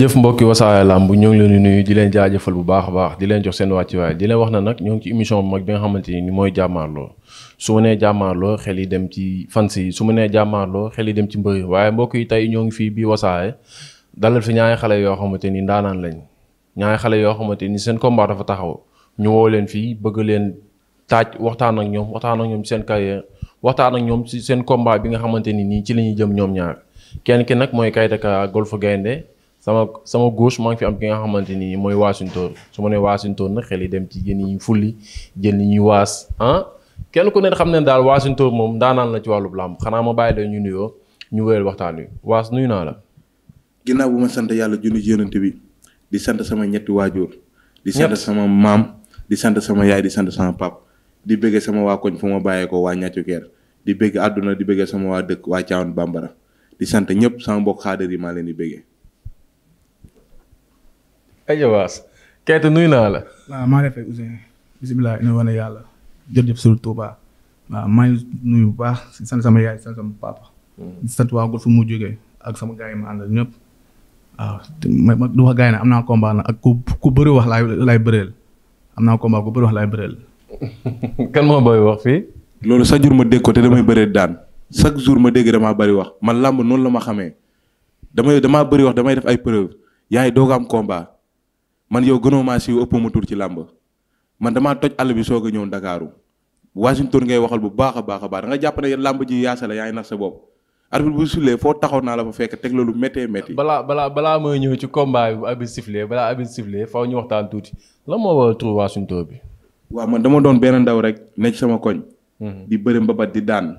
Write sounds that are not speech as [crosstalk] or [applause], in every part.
jëf mbokki wasaare làmb ñoo ngi leen di nuyu di leen jaajëfal bu baax a baax di leen jox seen wàccuwaay di leen wax na nag ñoo ngi ci émission bu mag bi nga xamante ni mooy jàmmaarloo su ma nee jàmmaarloo xel yi dem ci fans yi su ma nee jàmmaarloo xel yi dem ci mbëri waaye mbokk yi tey ñoo ngi fii bii wasaare dalal fi ñaari xale yoo xamante ni ndaanaan lañ ñaari xale yoo xamante ni seen combat dafa taxaw ñu woo leen fii bëgg leen taaj waxtaan ak ñoom waxtaan ak ñoom ci waxtaan ak ñoom ci seen combat bi nga xamante ni nii ci la ñuy jëm ñoom ñaar kenn ki nag mooy Kayta Kara Golf Gaynde sama sama gauche maa ngi fi am ki nga xamante nii mooy Washington su ma nee Washington nag xel yi dem ci jën yi fulli jën yi ñu waas ah kenn ku ne xam ne daal Washington moom daanaan la ci wàllu làmb xanaa ma bàyyi la ñu nuyoo ñu wéyal waxtaan wi waas nuyu naa la. ginnaaw bu ma sant yàlla junni yonent bi di sant sama ñetti waajur. di sant sama maam di sant sama yaay di sant sama pap di bëgg sama waa koñ fu ma bàyyeekoo waa ñàccu keer di bëgg àdduna di bëgg sama waa dëkk waa Thiawane Bambara di sant ñëpp sama mbokk xaadar yi maa leen di bëggee aywa waas Keita nuyu naa la. waaw maa ngi lay fay Ouzin bisimilah ina wane yàlla jërëjëf sur Touba waaw maa ngi nuyu bu baax di sant sama yaay di sama papa. Hmm. di waa Golf fu mu jógee ak sama gars yi ma àndal ñëpp ma du wax gars na nag am naa combat nag ak ku ku bëri wax laay laay am naa combat ku bëri laay bëreel. [laughs] kan moo booy fii. loolu chaque jour ma dégg ko te damay bëree daan chaque jour ma dégg damaa bëri wax làmb noonu la ma xamee damay damaa man yow gënoo maa siiw ëpp ma tur ci làmb man damaa toj àll bi soo a ñëw Ndakaaru Washington ngay waxal bu baax a baax a baax da nga jàpp ne làmb ji yaasa la yaa ngi nax sa bopp arbitre bu sulee foo naa la fa fekk teg loolu méttee métti. balaa balaa balaa mooy ci combat bi bu arbitre sifflé balaa arbitre sifflé faaw ñu waxtaan tuuti la moo waral tur Washington bi. waa man dama doon benn ndaw rek nekk sama koñ. Mhm. di bëri mbabat di daan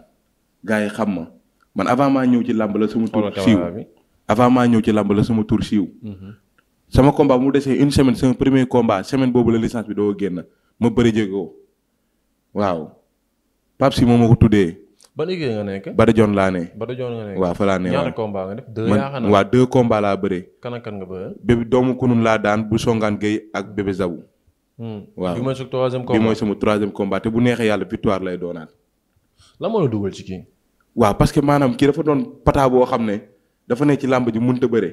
gars yi xam ma man avant maa ñëw ci làmb la sama tur siiw avant maa ñëw ci làmb la sama tur siiw mhm. sama combat mu desee une semaine sama premier combat semaine boobu la licence bi doo génn ma bëri jéego waaw Pape si ko tuddee. ban liggéey nga nekk. laa ne. Badajon nga nekk waaw fa laa ne. ñaata combat daan bu songaan ak bébé Zabu. Hmm. mooy sama troisième combat bu neexee yàlla victoire lay doonaat. lan moo la dugal ci kii. parce que maanaam kii dafa doon pata boo xam ne dafa ne ci làmb ji mënut a bëre.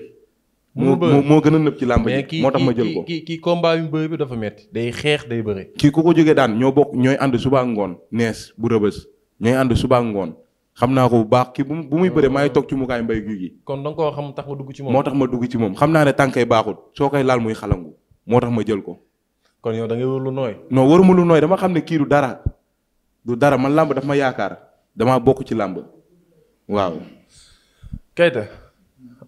moo moo gën a nëb ci làmb ji moo tax ma jël ko kii kii combat yu bëri bi dafa metti day xeex day bëri kii ku ko jógee daan ñoo bokk ñooy ànd subaa ngoon nees bu rëbës ñooy ànd subaa ngoon xam naa ko bu baax kii bu bu muy bëree maa ngi toog ci mu mukaay mbay guy yi kon da nga koo xam tax ma dugg ci moom moo dugg ci moom xam naa ne tànkay baaxut koy laal muy xalangu moo tax ma jël ko kon yow da ngay wër lu nooy noo non waruma lu nooy dama xam ne kii du dara du dara man làmb daf ma yaakaar damaa bokk ci làmb waaw Keita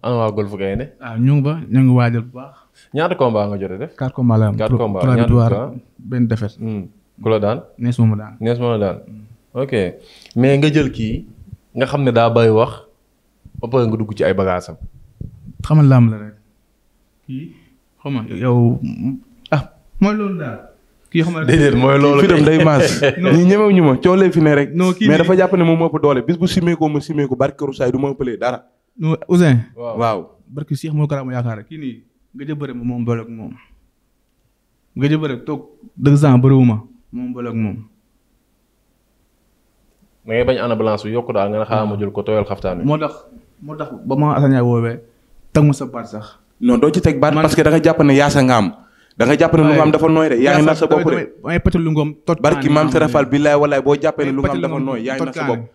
ana waa golf gaynde waaw ba ñu ngi waajal bu baax. ñaata combat nga jot a def. quatre combat la am quatre combat ñaata victoire benn défaite. Hmm. ku la daan. nees moomu daan nees moomu daan. ok mais nga jël kii nga xam ne daa bay wax ba ci ay bagaasam. xamal a la rek. kii xam nga yow ah mooy loolu daal. kii xam nga déedéet mooy loolu fitam day maas [laughs] ñi ñemew ñu ma coolee fi ne rek. mais dafa jàpp ne moom moo ëpp doole bis bu simee ko ma simee ko barke Rusaay du ma ëppalee dara. Ouzin. waaw waaw. barki Cheikh moo karaama yaakaar kii nii nga jël bëre moom bële ak moom. nga jël bëre toog deux ans bëriwuma moom bële ak moom. yokku daal nga ma jël ko tooyal xaftaan bi. moo tax moo tax ba ma Assane Ndiaye woowee teg ma sa baat sax. non doo ci teg baat parce que da nga jàpp ne yaasa nga am. da jàpp ne lu nga am dafa nooy de yaa ngi nax sa bopp de ay pétal lu nga am barki maam Serafal billaay walaay boo jàppee ne lu nga am dafa nooy yaa ngi nax sa bopp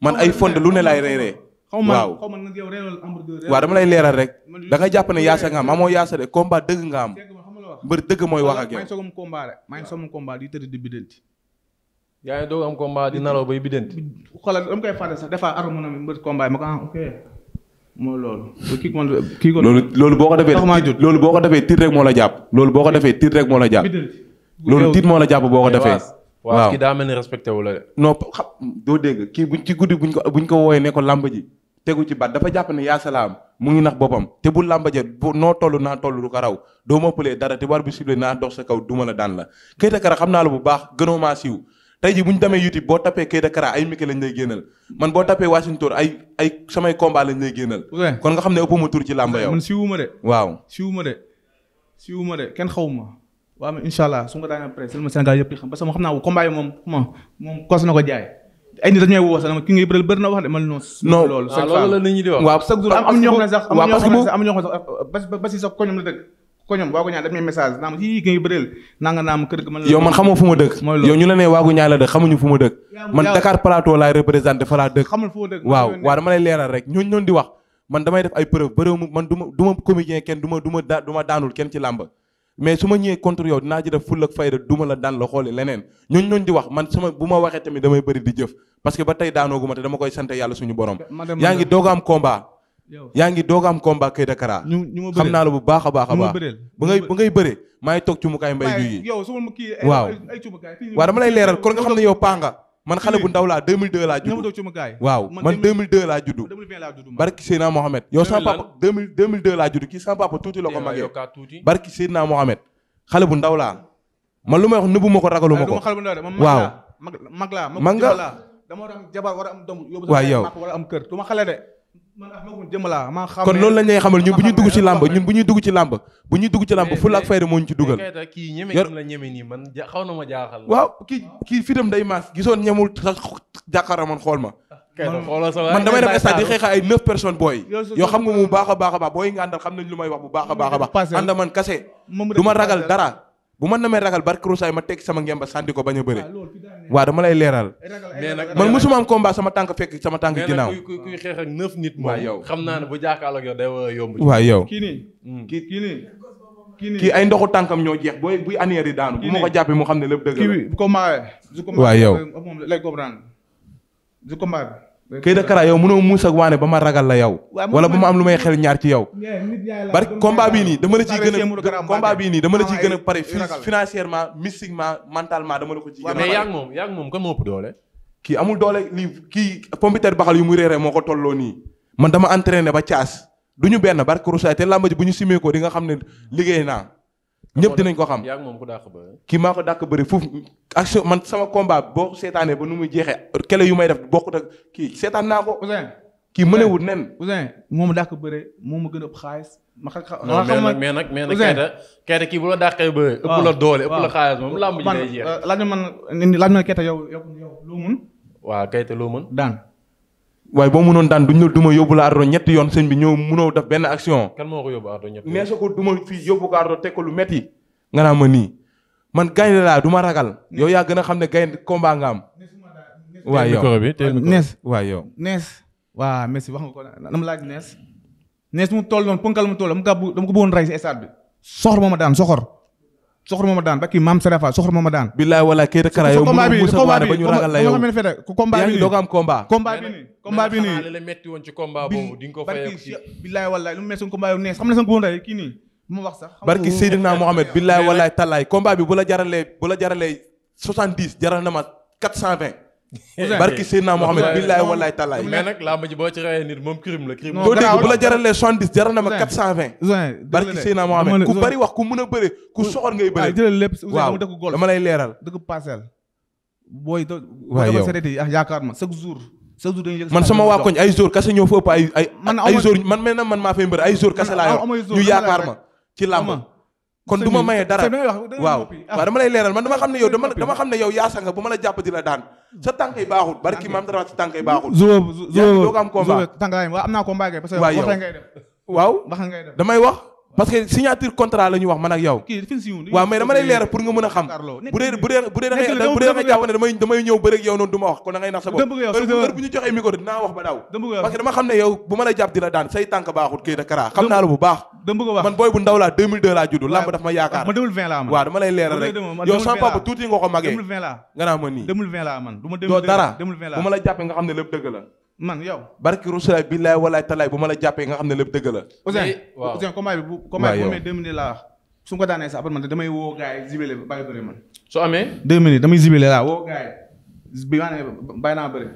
man ay fonde lu ne laay reeree xaw ma xaw ma nag yow réewal hamburger waaw dama lay leeral rek da nga jàpp ne yaasa nga am amoo yaasa de combat dëgg nga am mbër dëgg mooy wax ak yow maa ngi soog am combat rek maa ngi soog am combat di tëdd di biddanti yaa ngi doog am combat di nalaw bay biddanti xoolal dama koy fàtte sax des fois arme na mi mbër ma ko ah ok mooy loolu kii kon kii loolu loolu boo ko defee loolu boo ko defee tiit rek moo la jàpp loolu boo ko defee tiit rek moo la jàpp loolu tiit la jàpp boo ko defee waaw kii mel ni respecté wu la de doo dégg kii buñ ci guddi buñ ko buñ ko wooyee ne ko ji tegu ci baat dafa jàpp ne yaa mu ngi nax boppam te bu làmba ja bu noo toll naa toll du ko raw doo ma pëlee dara te war bi sible naa dox sa kaw duma la daan la Keita Kara xam naa la bu baax gënoo maa siiw tey ji bu ñu demee YouTube boo tapee Keita Kara ay mike lañ lay génnal man boo tapee Washington ay ay samay combat lañ lay génnal kon nga xam ne ma tur ci làmba yow man siwuma de waaw siwuma de siwuma de kenn xawuma waaw mais incha allah su nga daana presse ma Sénégal yëpp xam parce que xam naa ko combat yi moom moom moom kos na ko jaay ay nit dañu may woo sax ki ngay bëral bëri na wax de man non. non loolu ah, la wax. am ne sax am ñoo xam ne sax euh, am sax koñom la dëkk koñom waagu ñaa dañu message naa ma yii ki ngay bëreel naa nga naam kër ga man yow man xamoo ma dëkk yow ñu la ne waagu ñaa la dëkk xamuñu fu ma dëkk man Dakar Plateau laay représenté fa laa dëkk xamul fu ma dëkk waaw waaw dama lay leeral rek ñooñu noonu di wax man damay def ay preuve bëréew man du ma du kenn du ma du ma daanul kenn ci làmba mais su ma ñëwee contre yow dinaa ci def full ak fayda duma la daan la xooli leneen ñooñ ñooñ di wax man sama bu ma waxee tamit damay bëri di jëf parce que ba tey daanoogu ma te dama koy sant yàlla suñu borom yaa ngi doog a am combat yaa ngi doog a am combat Kay Dakar xam naa la bu baax a baax a baax ba ngay ba ngay bëre maa ngi toog ci mukaay mbay ju yi waaw waaw dama lay leeral kon nga xam ne yow paa nga man xale bu ndaw laa 2002 laa judd waaw man 2002 laa judd barki Seydina Mohamed yow sama papa 2000 2002 laa judd kii sama papa tuuti la ko magee barki Seydina Mohamed xale bu ndaw man lu may wax nëbbu ma ko ragalu ma ko waaw mag laa mag nga dama war a am jabar war am doom yóbbu sama papa war am kër du ma xale de kon loolu la ñuy xamal ñun bu ñuy dugg ci làmb ñun bu ñuy dugg ci làmb bu ñuy dugg ci làmb fula ak fayda moo ñu ci dugal waaw kii kii fi tam day maas gisoon ñemul sax man xool ma man damay def stade di xeexa ay neuf personnes booy yoo xam nga mu baax a baax a baax booy nga àndal xam nañ lu may wax bu baax a baax a baax man kase du ma ragal dara bu ma namee ragal barke Roussaay ma teg sama ngemba sànni ko bañ a bëri waaw dama lay leeral. nag man musuma am combat sama tànk fekk sama tànk ginnaaw. mais nag kuy kuy xeex ak nit. waaw yow xam naa ne bu jàkkaarloo ak yow day war a yow hmm. kii nii kii nii. kii ay ndoxu tànkam ñoo jeex booy buy annéer yi daanu. bu ma ko jàppee mu xam ne lépp dëgg la. kii bi bu ko maawee. waaw yow su ko maawee lay comprendre su ko maawee. këy da kara yow mënoo muus ak waane ba ma ragal la yow wala ba ma am lu may xel ñaar ci yow bari combat bii nii dama la ciy gën a combat bii nii dama la ciy gën a pare financièrement dama la ko ciy a mais yaa ngi moom yaa ngi moom kan moo ëpp doole kii amul doole lii kii pompiteer baxal yu mu réere moo ko tolloo nii man dama entraîné ba caas du ñu benn barke rosaay te làmb ji bu ñu simee ko di nga xam ne liggéey naa ñépp dinañ ko xam kii maa ko dàq bëri foofu action man sama combat boo seetaanee ba nu muy jeexee kele yu may def bokkut ak kii seetaan naa ko Ouzin kii mënewul nen Ouzin moom dàq bëri moom ma gën a ëpp xaalis ma xa xa non mais nag mais nag kayita kayita kii bu la dàqee bëri ëpp la doole ëpp la xaalis moom làmb ji day jeex euh, laaj ma man laaj ma kayita yow yow yow loo mën waaw kayita loo mën daan waaye boo mënoon daan duñ la duma yóbbu la ardo ñetti yoon sëñ bi ñëw mënoo def benn action. kan moo ko yóbbu ardo ñetti yoon nee sa ko duma fii yóbbu ko ardo teg ko lu metti nga naa ma nii man gaynde laa du ma ragal. yow yaa gën a xam ne gaynde combat nga am. waaw yow nees waaw yow nees waaw merci wax nga ko na ma laaj nees nees mu toll noonu ponkal mu toll mu gàbbu dama ko bëggoon rey si stade bi soxor moo ma daan soxor ma mooma daan ba kii maam Serafa soxor mooma daan. bilaay wala kii rek kara yow mu Moussa Waane ba ñu ragal la yow yaa ngi doog am mu xam na sa góor kii nii mu wax sax. barki Seydina Mohamed bilaay walaay bi bu la jaralee soixante-dix jaral na ma quatre cent vingt barki Seydina Mohamed billaay wallaay talaay. mais la crime. na a bëre ku soxor ngay bëre. yow ah, yaakaar ma chaque man sama waa koñ ay jour kase ñoo fa ay ay. man ay jour man mel na maa fay mbër ay jour kase laa yor ñu yaakaar ma ci làmb. kon du ma dara waaw ah. waaw dama lay leeral man dama xam ne yow yaasa nga bu ma la jàpp la daan sa tànk yi baaxul barki dara sa tànk yi zuba zuba yaa ngi doog am combat. tànk yi am naa combat kay parce que wax ngay def. waaw wax ngay def damay wax. parce que signature contrat la wax man ak yow. kii dafa dama lay leer pour nga mën a xam. bu dee bu dee damay ñëw bëri ak noonu du wax kon da nax sa ba dama xam ne yow bu ma la jàpp di la daan say tànk baaxut kii kara xam naa la bu baax. man booy bu ndaw laa 2002 laa judd lamb ma yaakaar. ma dama lay leeral rek. yow sama papa tuuti nga ko magee. nga naa ma nii. doo dara bu ma la jàppee nga xam ne lépp dëgg la man yow. barki rusulaay billaay walaay talaay bu ma la jàppee nga xam ne lépp dëgg la. Ousseyn eh, Ousseyn combat bi bu. combat bi bu amee deux ko daanee sax damay woo gars yi ba bàyyi bëri man. damay zibile laa woo gars yi bi maa ne bàyyi naa bëri.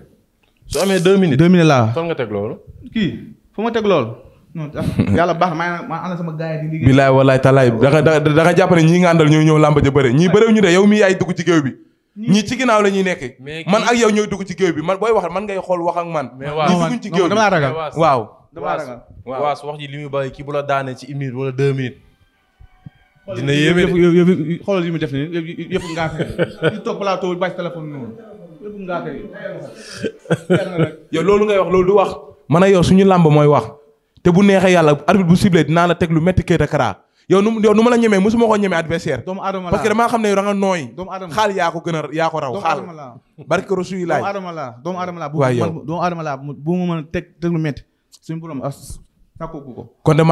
su amee deux minutes deux minutes laa wax. nga teg loolu. kii fu ma teg loolu. non ah, yàlla baax na maa ànd sama gars yi di liggéey. billaay walaay talaay da nga da nga jàpp ne ñii nga àndal ñooy ñëw làmb ja bëre ñii bërew ñu de yow mii yaay dugg ci géew bi ñi ci ginnaaw la ñuy nekk. man ak yow ñooy dugg ci géew bi man booy wax man ngay xool wax ak man. mais waaw ñii dugg ci géew bi waaw. damaa ragal waaw waas wax ji li muy bàyyi kii bu la daanee ci une minute wala deux minutes. dina yéeme de mu def yëpp ngaa koy di toog plateau yow loolu ngay wax loolu du wax. man a yow suñu làmb mooy wax te bu neexee yàlla arbitre bu ciblé dinaa la teg lu métti kër a yow nu yow nu ma la ñemee mosuma ko ñeme adversaire doomu aadama la parce que damaa xam ne da nga nooy xaal yaa ko a ko raw xaal barke rasuy laay la doomu aadama la waay yow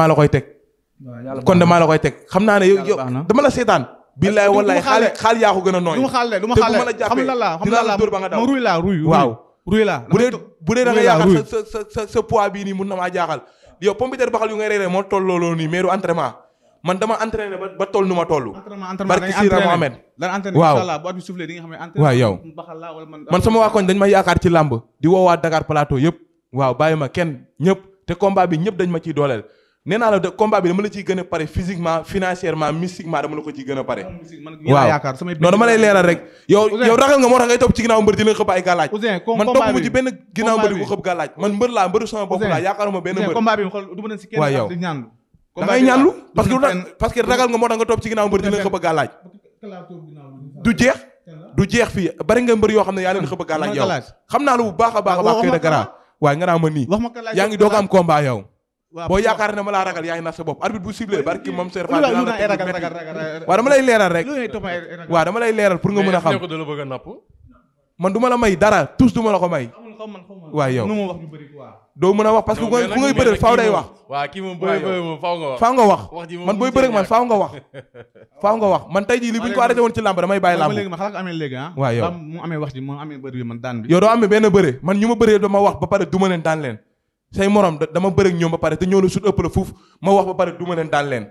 a koy teg xam naa ne yow dama la seetaan billaay wallaay xaal yaa ko gën a nooy du ma xaale du ma xaale xam la la xam la la ba nga daw ruy la ruy ruy la bu dee bu dee da nga yaakaar sa sa sa poids bii nii mun na maa jaaxal yow pompiteer baxal yu ngay reeree moo toll looloo nii mais du entraînement man dama entraîné ba ba toll nu ma toll. barki Sira Mohamed waaw waaw yow man sama waa koñ dañ ma yaakaar ci làmb di woo waa Dakar Plateau waaw bàyyi ma kenn ñëpp te combat bi ñëpp dañ ma ciy dooleel. nee la de bi dama a pare a lay leeral rek. yow yow ragal nga moo tax ngay topp ci ginnaaw mbër di xëpp ay gàllaaj. man topp mu ci benn ginnaaw mbër di xëpp gàllaaj man mbër laa mbëru sama bopp laa yaakaaruma benn mbër. waaw yow da ngay ñaanlu ah, parce que parce que ragal nga moo tax nga topp ci ginnaaw mbër di leen xëpp a gàllaaj du jeex du jeex fii bari nga mbër yoo xam ne yaa leen xëpp a gàllaaj yow xam naa la bu baax a a baax kay da garaa waaye ngi doog am combat yow boo yaakaar ne ma laa ragal yaa ngi nax sa bopp arbitre bu ciblé barki moom ser fa dama lay leeral rek waaw dama lay leeral pour nga mën a xam man du ma la may dara tous du la ko may xaw man xaw yow wax ñu bëri doo mën a wax parce que ku ngay bëreel faaw day wax. waaw nga wax. man booy bëree man [laughs] faaw nga wax. faaw nga wax man tey jii lii bu ñu ko arrêté woon ci làmb damay bàyyi làmb. ma xalaat ko amee léegi ah. waaw yow mu doo amee benn bëre man ñu ma bëree dama wax ba pare duma leen daan leen say morom dama bëri ak ñoom ba pare te ñoo la sut ëpp la fuuf ma wax ba pare duma leen daan leen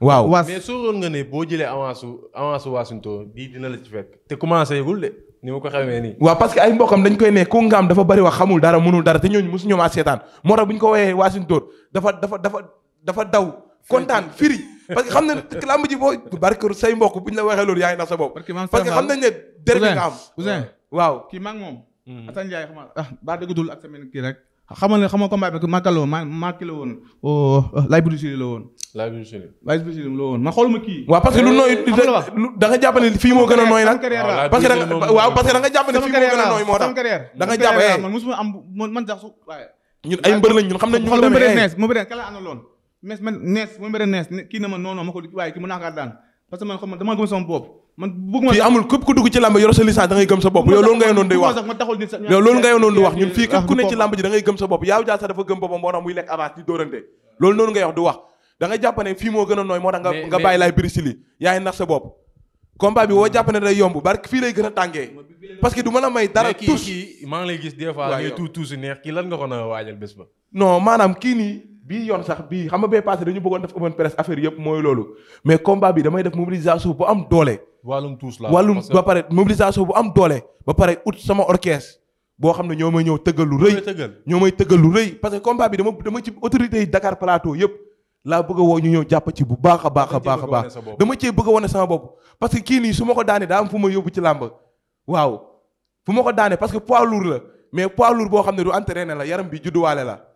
waaw. mais boo jëlee avance avance Wassinto bii ni ma ko xamee nii. waaw parce que ay mbokkam dañ koy ne ku ngaam dafa bari wax xamul dara mënul dara te ñooñu mosu ñoom a seetaan moo tax bu ñu ko woowee waasin dafa dafa dafa dafa daw kontaan firi parce xam ne lamb [laughs] ji boo barke say mbokk bu ñu la waxee loolu yaa ngi nax sa bopp. parce que xam nañ ne derbi nga waaw kii maa moom. Mm-hmm. Ah, baa dëgg dul ak semaine kii rek. xamal ne xamal combat bi ma màkki la oh, ma kii waaw parce lu nooy da nga fii moo gën a nooy nag parce moo gën a nooy moo tax da eh. am man sax su waaye ñun ay mbër lañ ñun xam nañ ñu mu bëre nees mu loon mes man nees mu bëre nees kii na ma noonu ma ko waaye kii mën naa kaa daan parce man dama gëm sama bopp man bëgguma fii amul képp ku dugg ci làmb yor sa licence da ngay gëm sa bopp yow loolu nga yoon di wax yow loolu nga yoon doon wax ñun fii képp ku ne ci làmb ji da gëm sa bopp yaaw jaa sax dafa gëm boppam moo tax muy lekk avance di dóorante loolu noonu ngay wax du wax da ngay fii moo gën a nooy moo tax nga bàyyi laay biri si yaay nax sa bopp combat bi woo jàpp day yomb bark fii lay gën a tàngee parce que la may dara tous non maanaam kii bii yoon sax bii xam nga bee passé dañu bëggoon def open press affaire yëpp mooy loolu mais combat bi damay def mobilisation bu am doole. ba pare mobilisation bu am doole. ba pare ut sama orchestre boo xam ne ñoo may ñëw tëggal lu rëy. ñoo may tëggal lu rëy parce que combat bi dama dama ci autorité yi Dakar Plateau yëpp laa bëgg a woo ñu ñëw jàpp ci bu baax a baax a baax a baax dama cee bëgg a wane sama bopp parce que kii nii su ma ko daanee daa am fu ma yóbbu ci làmb ko daanee parce que poids lourd la mais poids boo xam ne du la yaram bi judduwaale la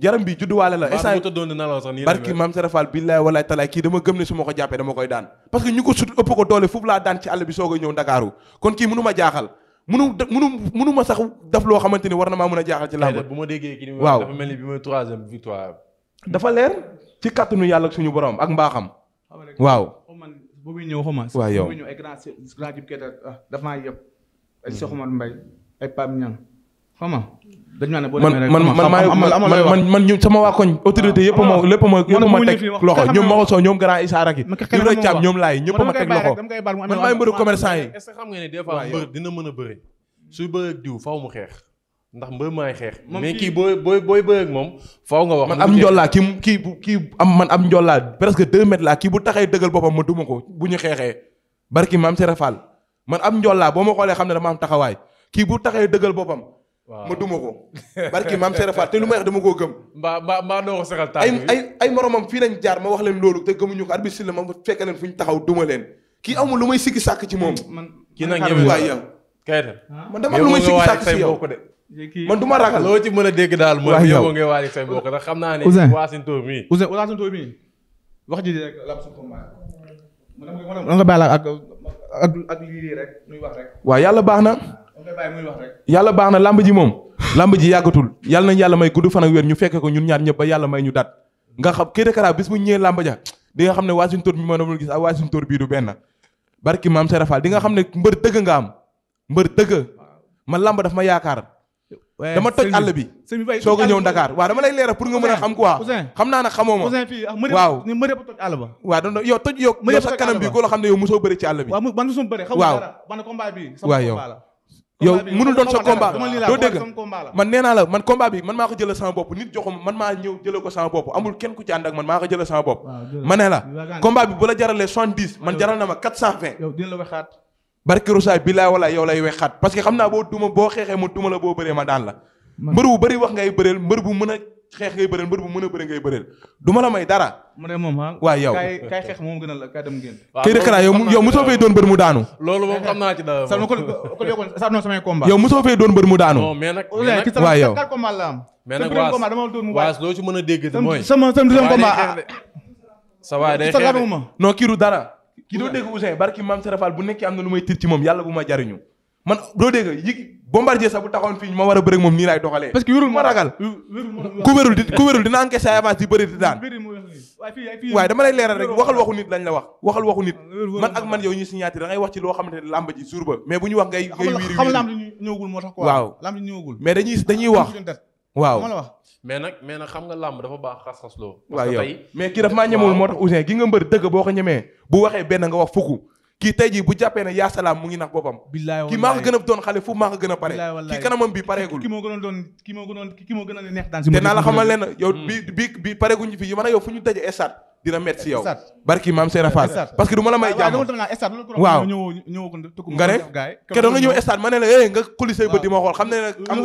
yaram bi judduwaale la. instant yii doon na sax barki maam Serafal billaay walaay talaay kii dama gëm ne su ma ko jàppee dama koy daan. parce que ñu ko sut ëpp ko doole foofu laa daan ci àll bi soog a ñëw Ndakaaru kon kii mënu jaaxal mënu sax daf loo xamante ni war na maa mën a jaaxal. ci làmb bu ma déggee kii nii dafa dafa leer ci kàttanu yàlla suñu borom ak mbaaxam. waaw. bu muy ñëw xuma. waaw yow bu muy ñëw ay grand grand jub kee dafa maa yëpp ay Cheikh Omar Mbaye ay Pape Niang xuma dañu naan boo demee rek man man man man ñu sama waa koñ autorité yëpp ma lépp ma yëpp ma teg loxo ñoom Maodo ñoom grand Issa Racky ñoom laay ñëpp ma man a bëre suy bëre ak mu xeex ndax mbër maay xeex mais kii booy booy booy bëre moom faaw nga wax man am njollaa kii kii kii am man am njollaa presque deux mètres laa kii bu taxee dëggal boppam ma duma ko bu ñu xeexee barki maam Serafal man am njollaa boo ma xoolee xam ne dama am taxawaay kii bu taxee dëggal boppam ma duma ko. barki maam Serap Fall te lu may wax dama koo gëm. mbaa mbaa mbaa doo ko saxal ay ay ay fii lañ jaar ma wax leen loolu te gëmuñu ko arbitre la ma fekk leen fu ñu taxaw duma leen kii amul lu may sikki sàkk ci moom. man kii nag yow kayita man dama am lu may sikki sàkk ci yow man du ma ragal loo ci mën a dégg daal mooy yow nga waaj ak say mbokk ndax xam naa ne waasinto mi Ouzin waasinto wax ji rek la su ko ma man nga bàyyi la ak ak ak lii rek nuy wax rek yàlla baax na yàlla baax na làmb ji moom làmb ji yàggatul yàlla nañ yàlla may gudd fan ak ñu fekke ko ñun ñaar ñëpp ba yàlla may ñu dat nga xam Keita Kara bis bu ñëwee làmb ja di nga xam ne Wassintor bi ma doon gis ak Wassintor xam ne mbër dëgg nga am mbër dëgg man làmb daf ma yaakaar a ñëw Dakar waaw dama lay a xam quoi xam naa nag xamoo ma ah, waaw waaw yow yow mënul doon sa combat doo dégg man nee la man combat bi man maa ko jëlee sama bopp nit joxum man maa ñëw jëlee ko sama bopp amul kenn ku ci ànd ak man maa ko jëlee sama bopp ma la combat bi bu la jaralee soixante-dix man jaral na ma quatre cent vingt barki rusaay billaay walaay yow lay wexaat parce que xam naa boo duma boo xeexee ma duma la boo bëree ma daan la mbër bu bëri wax ngay bëreel mbër bu mën a xeex ngay bëreel mbër bu mën a bëre ngay bëreel du ma la may dara. mu ne moom ah. waaw yow kay xeex moom gënal la kay dem génn. waaw kay rëkkalaa yow yow mosoo fee doon mbër mu daanu. loolu moom xam naa ci dara doon mbër mu daanu. non mais loo ci a dégg mooy. sama sama deuxième combat. sa waay day dara. kii doo dégg Ousseyn barki maam Serafal bu nekkee am na lu may tir moom yàlla bu ma jariñu man doo dégg yi bombardier sax bu taxoon fii ma war a bëri moom nii laay doxalee. parce que wérul ma ragal ku wérul di ku wérul dina encaissé bëri di daan. waaye dama lay leeral rek waxal waxu nit lañ la wax waxal waxu nit ah, man ak man yow ñu signature da ngay wax ci loo xam ne làmb ji jour ba mais bu ñu wax ngay ngay wiiri xam làmb ji ñëwagul moo tax quoi waaw làmb ji ñëwagul mais dañuy ah, wax waaw mais nag mais nag xam nga làmb dafa baax xas-xas loo yow mais kii daf maa ñemewul moo tax Ouzin gi boo ko ñemee bu waxee benn nga wax kii tey jii bu jàppee ne yaa salaam mu ngi nax boppam. billaay kii maa ko gën doon xale fu maa ko gën pare. kii kanamam bi pareegul. te naa la xamal leen yow mm. bi bi pareeguñu fi yi man a yow fu ñu daje estaat dina met si yow. barki maam Serap parce que du ma la may jàmm waaw nga ne ke da ñëw stade ma ne la eh, nga xulli say bët di xam ne nag am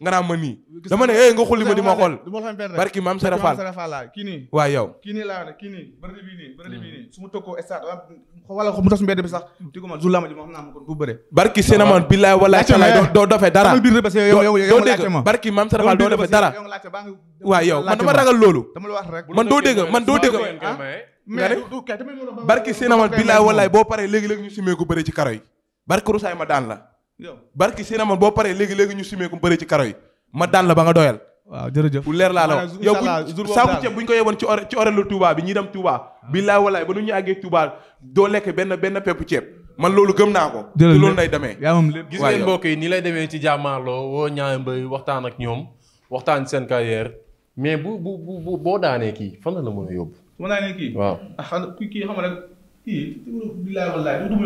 nga nii dama ne eh, nga xulli ma di barki maam Serap Fall barki sénaman billaay walaay salaay doo doo defee barki maam Serap doo defee dara waaw yow man dama ragal loolu. dama la wax rek man doo dégg man doo dégg ah. mais du kay tamit mën na barki Sénégal bilaay walaay boo paree léegi léegi ñu simee ko bëri ci karo yi. barki Rusaay ma daan la. barki Sénégal boo paree léegi léegi ñu simee ko bëri ci karo yi ma daan la ba nga doyal. waaw jërëjëf bu leer laa la wax yow bu saaku ceeb bu ñu ko yeboon ci ci orelu Touba bi ñi dem Touba. Ah. bilaay walaay ba nu ñu àggee Touba doo lekk benn benn pepp ceeb. man loolu gëm naa ko. jërëjëf loolu lay demee. yaa moom lépp gis ngeen mbokk yi nii lay demee ci jàmmaarloo woo ñaari mbay waxtaan ak ñoom waxtaan seen carrière mais bu bu bu boo daanee kii fa la la mën a yóbbu. su ma daanee kii. waaw ah xam kii xam nga rek kii bilaay wallaay du bi.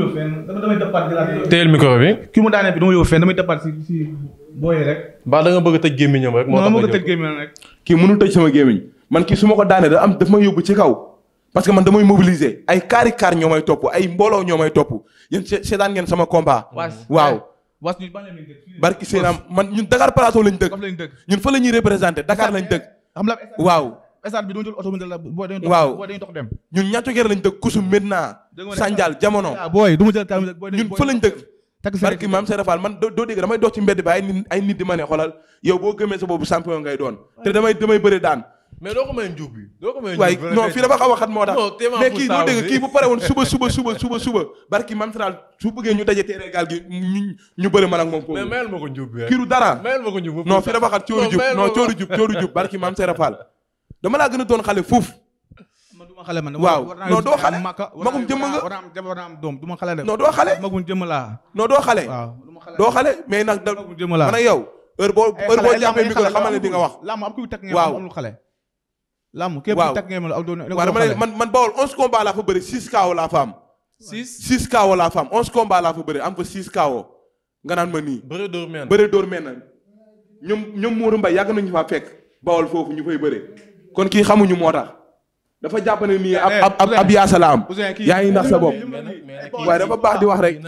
kii mu daanee bi du ma yóbbu fenn damay dëppaat si si booyee rek. ba da nga bëgg a tëj gémmiñam rek. moo tax kii mënul tëj sama gémmiñ man kii su ma ko daanee da am daf ma yóbbu ci kaw parce que man damay mobiliser ay kaari kaar ñoo may topp ay mbooloo ñoo may topp yéen seetaan ngeen sama combat. waaw barki Seydina man ñun Dakar Plateau lañ dëkk ñun fa la ñuy représenté Dakar lañ dëkk xam waaw. stade bi doon jël oto la boo dañuy dox dem. ñun ñaata kër lañ dëkk Kousum Medina. Sandial jamono. Ah, booy du ma jël taal ñun fa lañ dëkk. barki maam Serigne Fall doo dégg damay dox ci mbedd bi ay nit di ma ne xoolal yow boo gëmee sa boobu champion ngay doon te damay damay daan mais doo ko may njuub bi doo ko may njuub waaye non fii dafa xaw a xat moo tax mais kii doo dégg kii bu pare woon suba suba suba suba suba barki mam sral su bëggee ñu daje teere gaal gi ñu ñu bëri man moom foofu mais mayal ma ko kiiru dara mayal ma dafa xat cóoru jub non cóoru jub cóoru jub mam sera fall dama laa gën a doon xale fuuf waaw non doo xale magum jëmm nga war naa am jabar war naa am doom duma xale de non doo xale magum jëmm laa non doo xale waaw doo xale mais nag da magum jëmm laa man ak yow boo heure boo eh, jàppee micro xamal ne di wax lamb lamb képp ku tàgg ngeen la ak doon waaw dama ne man man bawol 11 combats fa bëri 6 KO laa fa am. 6 6 KO laa fa am 11 combats fa bëri am fa 6 KO. nga naan ma nii. bëre door meen bëre door meen ñoom ñoom Mourou Mbaye yàgg nañu faa fekk bawol foofu ñu fay bëre kon kii xamuñu moo tax. dafa jàpp ne nii ab eh, ab ab yaasa la am. yaa ngi nax sa bopp. waaye dafa baax di wax rek.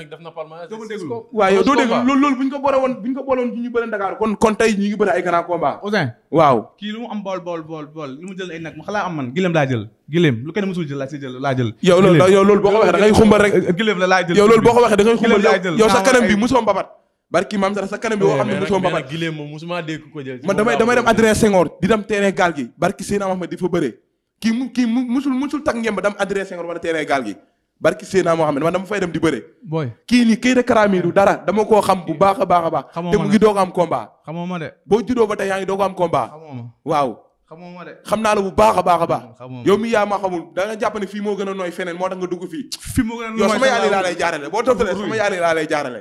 waaw yow doo dégg loolu loolu bu ñu ko boole woon bu ñu ko boole woon ñu bëre Dakar kon kon tey ñu ngi bëre ay grand combat. Ouzin waaw. kii lu mu am bool bool bool bool lu mu jël ay nag mu xalaa am man gileem laa jël. gileem lu kenn mësul jël laa si jël laa jël. yow loolu yow loolu boo ko waxee da ngay xumbal rek. gileem la laa jël yow loolu boo ko waxee da ngay xumbal yow sa kanam bi musoo mbabat barki maam sara sa kanam bi woo xam ne eh, mosoo mbabat gileem moom musuma dégg ko jël man damay damay dem adrien Senghor di dem terrain gaal gi barki Seydina Ahmed di fa bëree kii mu kii mu musul musul takk ngemb dam adressé nga wala terrain gaal gi barki Seydina Mohamed di bëre. booy kii nii kii de karaami eh. dara dama koo xam bu baax a baax a baax. te mu ngi doog am combat. xamoo ma de boo juddoo ba tey yaa ngi doog am combat. xamoo ma waaw. xamoo xam naa la bu baax a baax a baax. yow mi yaa ma xamul da nga jàpp ne fii moo gën a nooy feneen moo tax nga dugg fii. a nooy yow sama yaali laa lay jaarale boo toftalee sama yaali laa lay jaarale.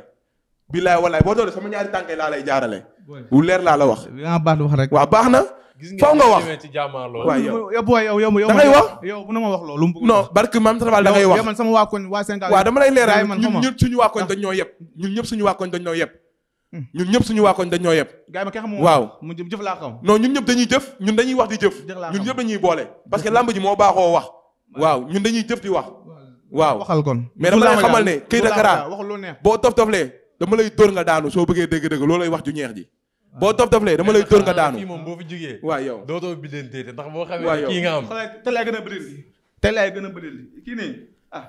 billaay walaay boo laa lay jaarale. bu leer laa la wax. baax na faw nga wax waay yow yow booy yow yow da ngay wax yow bu na ma wax loolu non barke maam Tafal da ngay wax man sama waa koñ waa Sénégal waaw dama lay leeral ñun ñëpp hmm. ñun mu jëf laa xam non ñun ñëpp dañuy wax di jëf ñun ñëpp dañuy boole parce que lamb ji moo baaxoo wax waaw di wax waaw waxal kon mais dama lay xamal ne këy dakaraar boo tof toflee dama lay dóor nga daanu soo bëggee dégg-dégg loolu wax ju ñeex ji boo dof dof lee dama lay dóor nga daanu fii moom boo fi jógee waaw yow dootoo biddanteete ndax boo xamee a nga am te laay gën a bëri li gën a bëri kii ne ah,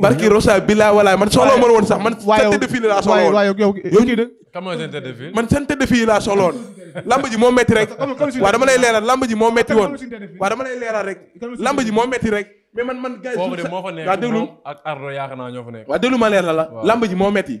barki rosa billa walaay man soxla woon sax man seen tête de laa soxla woon yow kii de kan mooy seen tête de file man seen tête de ji moo metti rek waaw dama lay leeral lamb ji moo metti woon waaw rek lamb ji moo metti rek mais man man gars yi waaw déglu ak ardo yaakaar ñoo fa nekk waaw déglu leeral la lamb ji moo metti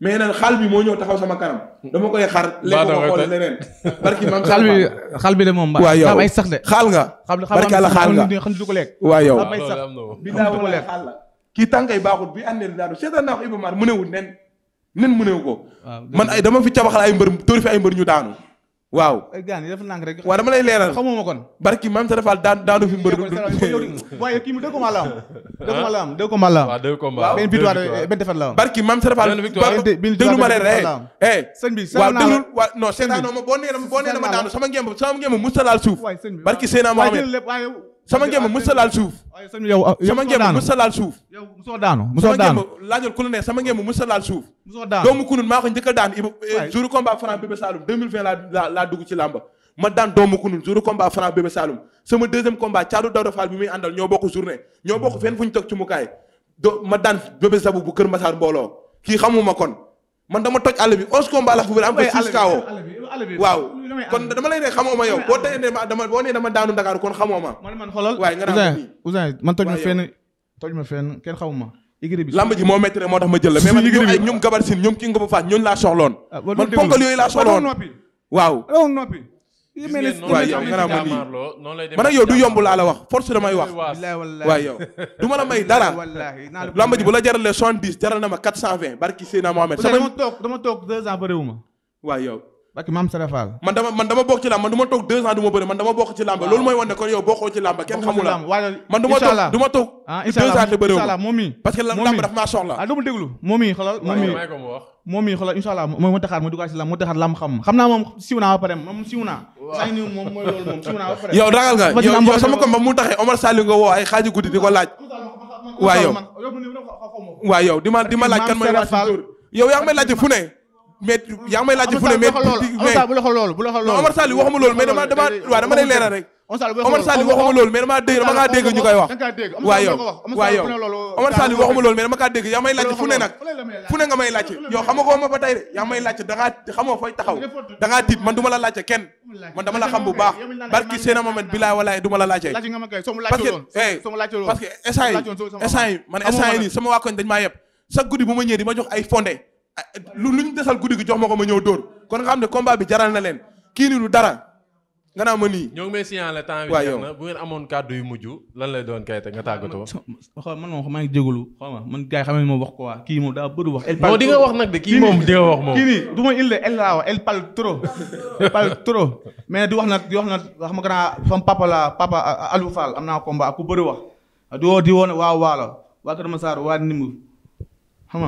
mais nag xaal bi moo ñëw taxaw sama kanam dama koy xar léegi ma xool leneen barki maam xal bi xal bi de moom waaw yow ay sax de xaal nga barki àlla xaal nga xam du ko lekk waaw yow ah, am ay sax bi daa wala xaal la kii tànkay baaxut bi àndee daa du seetaan naa ko Iba Mar nen nen mu newu ko man ay dama fi cabaxal ay mbër tóori fi ay mbër ñu daanu waaw eh, gaan def nank rek waaw dama lay leeral xamuma kon barki maam sa daanu fi mbër waaye kii mu dëgg ko ma la am dëgg ko ma la am waaw benn victoire eh, benn defar eh. ma boo nee dama boo nee dama daanu sama ngemb sama ngemb musta laal barki Seydina Mohamed sama ngémb mës a laal suuf. yow sama ngémb mës a laal suuf. la ne sama ngémb a laal suuf. musoo daanu doomu kunun maa ko njëkk a daan Iba. Eh, waay jour combat Franc Bébé Saloum 2020 laa laa dugg ci làmba. ma daan doomu kunun jour combat Franc Bébé Saloum sama deuxième combat Thiatou Daouda Fall bi muy àndal ñoo bokk journée ñoo bokk fenn fu ñu toog ci mukaay ma daan Bébé Sabou bu Kër Massar mbooloo kii xamuma kon man dama toj àll bi onze combat la am fa six kawo waaw kon dama lay ne xamoo ma yow boo tey ne dama boo nee dama daanu Dakar kon xamoo ma man man xoolal waaye nga naan Ouzin man toj ma fenn toj ma fenn kenn xamu ma lamb ji moo métti moo tax ma jël la mais man ñoom ay ñoom gabar sin ñoom ki nga ba faat ñooñu soxloon ah, man ponkal yooyu soxloon waaw waaye yow ma du yomb laa la wax force damay wax waaye yow du la may dara [laughs] lamba ji la jaralee soixante jaral na ma quatre cent vingt barki Seydina Mohamed dama dama toog deux ans bëriwu waaye yow barki maam Sarafal man man dama bokk ci làmb man dama bokk ci làmb loolu mooy wane ne yow bokkoo ci làmb kenn xamul la man du ma toog du ah, parce que làmb dafa maa soxla ah dama déglu moom i xoolal moom mii xoolal incha allah mooy mu taxaar mooy dugal si lam mu taxaar lam xam xam naa moom siw naa ba pare moom siw naa. saa ni moom mooy loolu moom siw naa ba pare. yow ragal nga yow sama combat mu taxee Omar Sall nga woo ay xaaji guddi di ko laaj. waaw yow di ma di ma laaj kan mooy yow yaa ngi may laajte fu ne. mais yaa ngi may laajte fu ne mais. dama dama waaw dama lay leeral rek Omar Sall waxuma loolu mais dama waxuma loolu mais dama kaa dégg yaa fu ne nag fu ne nga may laajte yow xam ko ma ba tey de yaa may laajte xamoo fooy taxaw da tiit man du ma la laajte kenn man dama la xam bu baax barki seen moment bilaay walaay du ma la laajte parce que parce que man instant nii sama waa koñ dañ maa yëpp chaque guddi bu ma ma jox ay fondé lu luñ desal guddi jox ma ko ma ñëw kon xam ne combat bi jaral na leen kii lu dara nga naa ma nii. ñoo ngi may temps bi bu ngeen amoon kàddu yu mujj lan lay doon kayit nga tàggatoo. xaw man moom maa ngi jégalu man gars yi xam ne ma wax ko waa kii moom daa bëri wax. El Paltro di wax na de moom di nga wax moom. kii nii du ma il de El laa mais di wax nag di nag wax ma gannaaw fam papa la papa Aliou am naa combat ku bëri wax. di woo di woo waa Waalo waa Kër Massar waa Nimb xam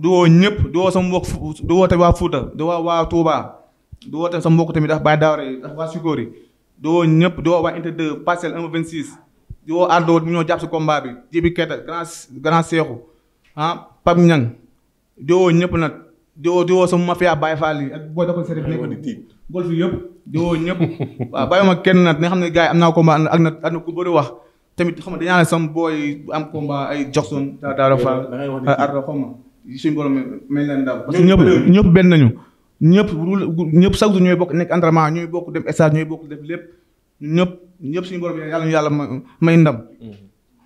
di woo ñëpp di woo sama mbokk di woo te waa Fouta di woo waa Touba. du woo tam sama mbokk tamit ndax Baye Daawara ñëpp du woo waa unité 2 parcelle 1 26 di woo Ardo ah, ñëpp nag di di woo sama mafia Baye Fall yi ak boo dafa serif kenn nag nga xam ne gars am naa combat ak na ak na ku bëri wax tamit xam nga dañaa ne sama booy ay Ardo xam nga ñëpp ñëpp benn nañu ñëpp ñëpp chaque jour ñooy bokk nekk entraînement ñooy bokk dem stade ñooy bokk def lépp ñëpp ñëpp suñu borom yàlla ñu yàlla may ndam.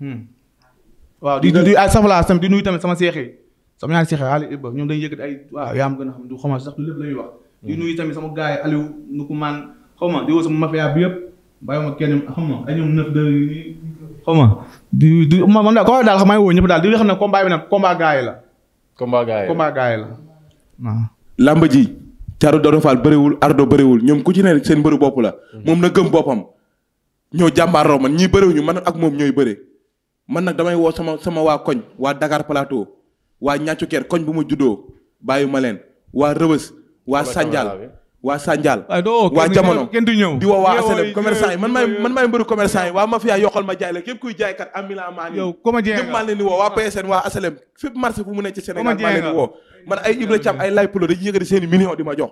Hmm. waaw di di ay safalaa sam di nuyu tamit sama seex yi sama ñaari seex yi Aliou Iba ñoom dañuy yëkkati ay waaw yaa am gën a xam du du la hmm. nu ko sama mafia bi ma kenn xam ma ay ñoom xaw ma di di man daal koo daal xam maa woo ñëpp daal di nga xam ne combat bi nag combat gars la. combat gars la combat Thiatou Daouda Fall bëriwul Ardo bëriwul ñoom ku ci ne seen bëri bopp la mm-hmm. moom na gëm boppam ñoo jàmbaaroo man ñii bëriwuñu man ak moom ñooy bëri man nag damay woo sama sama waa koñ waa Dakar palaatoo waa ñàccu keer koñ bu ma juddoo bàyyi ma leen waa Rëbës waa Sandial waa Sandial waa jamono kenn du ñëw di woo waa aselem commerçant yi man maay man maay mbëru commerçant yi waa mafia ma jaay la képp kuy jaaykat am milan maa nii képp maa leen woo waa ah. i million di ma jox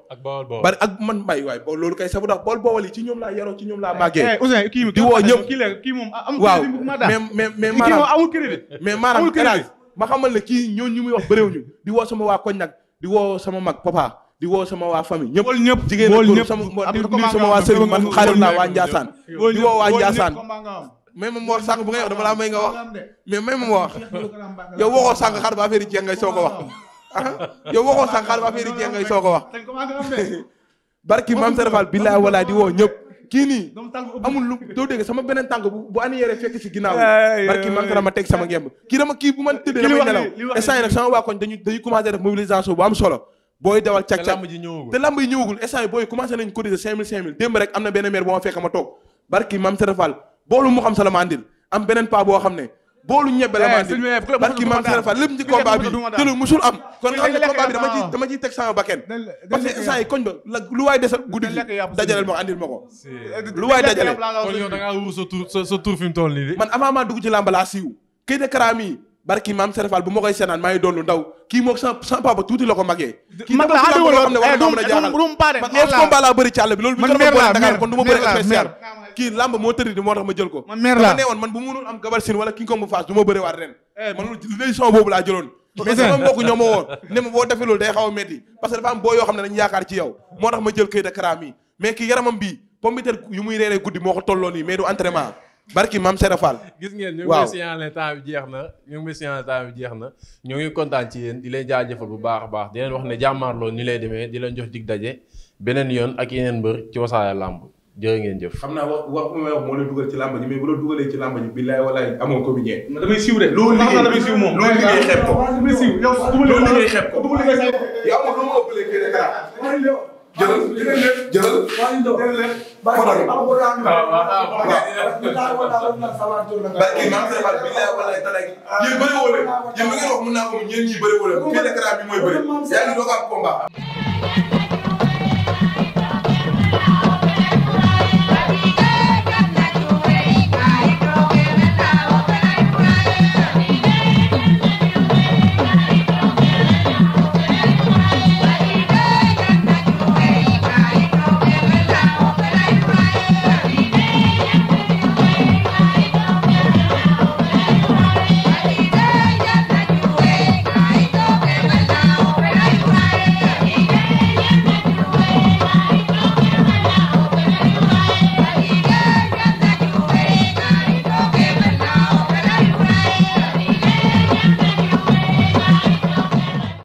bari ak man mbay waay bo loolu kay sabu ndax bool boowal ci ñoom laa yaroo ci ñoom laa màggee eh, eh, di woo ñëpp kii moom ah, waaw mais mais mais maanaam amul crédit mais ma xamal ne kii ñoo ñu muy wax bëréew ñu di woo sama waa koñ nag di woo sama mag papa di woo sama waa famille ñëpp ñëpp jigéen ñëpp sama sama waa sëriñ man xaaral naa waa Ndiassane di woo waa Ndiassane mais moom moo sànq bu ngay wax may nga wax mais mais moom moo wax ah? yow waxoo sànq xaar ba affaire a wax yow waxoo sànq xaar a wax barki maam sarafal billaay walaay di woo ñëpp kii nii amul sama beneen tànk bu bu anniyére fekk si ginnaaw barki man tara ma teg sama ngemb kii kii bu man tëddee damay nelaw instant nag sama waa koñ dañu dañuy commencé def mobilisation bu am solo booy dawal càq càq te lamb yi ñëwagul instant yi booy commencé nañ cotiser 5000 5000 démb rek am na benn maire boo ma fekk ma toog barki maam Serafal boolu mu xam am ne boolu ñebe la ma eh, andil kon xam ne combat bi dama dama ciy teg sama bakken parce que koñ ba la lu waay desal guddi gi dajaleel ma ko andil ma ko lu waay dajale kon tur sa toll nii man avant maa dugg ci siiw kii de karaam yi barki maam Serafal bu ma koy seenaan doon lu ndaw kii moom sans papa tuuti la ko màggee. mag la xam ne war eh, bi loolu. man mer laa mer kon du ma bëri spécial. kii moo tëri di moo tax ma jël ko. ma bëri waat ren. Eh, man loolu ci yow moo tax ma jël këy da karaam yi mais kii yaramam bi pomme guddi moo ko tolloo du entraînement barki maam Serap gis ngeen ñu ngi may signalé temps bi jeex na ñoom ngi may signalé temps bi jeex na ñoo ngi kontaan ci yéen di leen jaajëfal bu baax a baax di wax ne jàmmaarloo ni lay demee di leen jox dig daje beneen yoon ak yeneen mbër ci Wassare Lamb jërë ngeen jëf. xam naa wax wax dugal ci làmb ji mais ci làmb ji billaay walaay amoo comédien. ko. loolu liggéey xeeb ko. yow jërëjëf jërëjëf jërëjëf. waa Ndo jërëjëf. Fatal waaw waaw waaw waaw. barke maam Seydou Fall bii lay wala talay. yéen bëri woo leen yéen mi ngi wax mun naa ko ñeent ñi bëri woo leen bu fekkee bi mooy bëri yaa ngi doog a am combat.